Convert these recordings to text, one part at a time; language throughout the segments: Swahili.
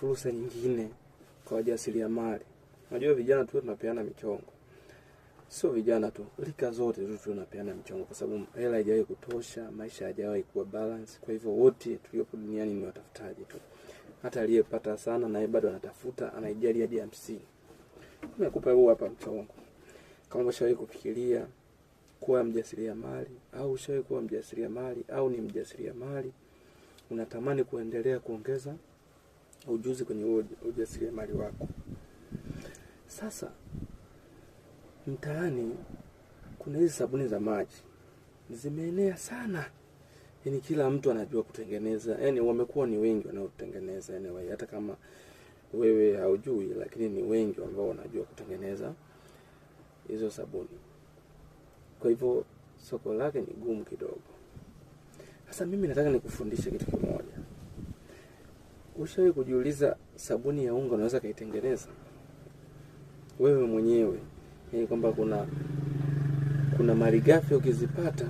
fursa nyingine kwa wajasiriamali. Unajua vijana tu tunapeana michongo, sio vijana tu, rika zote tu tunapeana michongo, kwa sababu hela haijawahi kutosha, maisha hajawahi kuwa balance. Kwa hivyo wote tuliopo duniani ni watafutaji tu, hata aliyepata sana naye bado anatafuta, anaijali hadi hamsini. Nimekupa huu hapa mchongo, kama ushawahi kufikiria kuwa mjasiriamali au ushawahi kuwa mjasiriamali au ni mjasiriamali unatamani kuendelea kuongeza ujuzi kwenye huo ujasiriamali wako. Sasa mtaani kuna hizi sabuni za maji zimeenea sana, yani kila mtu anajua kutengeneza, yani wamekuwa ni wengi wanaotengeneza anyway, hata kama wewe haujui, lakini ni wengi ambao wanajua kutengeneza hizo sabuni. Kwa hivyo soko lake ni gumu kidogo. Sasa mimi nataka nikufundishe kitu kimoja Ushawahi kujiuliza sabuni ya unga unaweza kaitengeneza wewe mwenyewe? Yaani kwamba kuna kuna gafi ukizipata,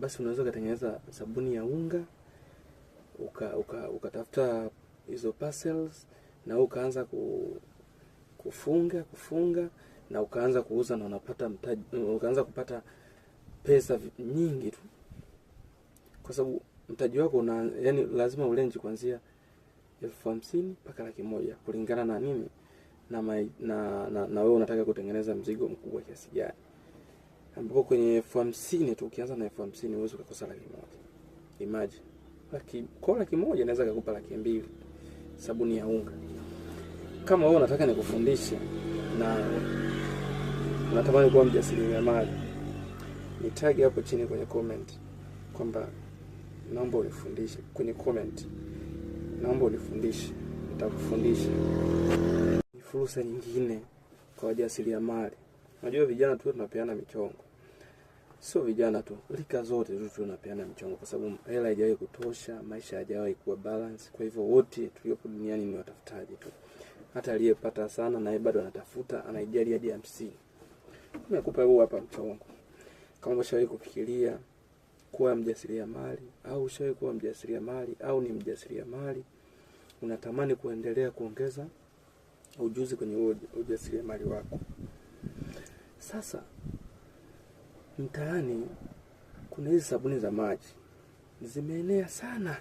basi unaweza ukatengeneza sabuni ya unga ukatafuta uka, uka hizo parcels na ukaanza ku, kufunga kufunga na ukaanza kuuza na unapata mtaji, ukaanza kupata pesa nyingi tu kwa sababu mtaji wako una, yani lazima ulenji kuanzia elfu hamsini mpaka laki moja kulingana na nini na, mai, na, na, na wewe unataka kutengeneza mzigo mkubwa kiasi gani, ambapo kwenye elfu hamsini tu ukianza na elfu hamsini uwezi ukakosa laki moja. Imagine laki kwa laki moja naweza kukupa laki mbili sabuni ya unga. Kama wewe unataka nikufundishe na unatamani kuwa mjasiriamali, nitagi hapo chini kwenye comment kwamba naomba unifundishe kwenye comment, naomba unifundishe, nitakufundisha. Ni fursa nyingine kwa wajasiriamali. Unajua vijana tu tunapeana michongo, sio vijana tu, rika zote tu tunapeana michongo, kwa sababu hela haijawahi kutosha, maisha hajawahi kuwa balance. Kwa hivyo wote tuliopo duniani ni watafutaji tu, hata aliyepata sana naye bado anatafuta, anaijali hadi hamsini. Nimekupa huu hapa mchongo, kama umeshawahi kufikiria kuwa mjasiriamali au ushawe kuwa mjasiriamali au ni mjasiriamali, unatamani kuendelea kuongeza ujuzi kwenye huo ujasiriamali wako. Sasa mtaani kuna hizi sabuni za maji zimeenea sana,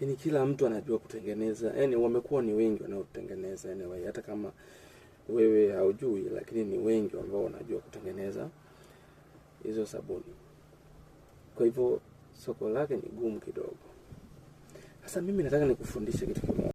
yani kila mtu anajua kutengeneza, yani wamekuwa ni wengi wanaotengeneza anyway, hata kama wewe haujui, lakini ni wengi ambao wanajua kutengeneza hizo sabuni. Kwa hivyo soko lake ni gumu kidogo. Sasa mimi nataka nikufundishe kitu kimoja.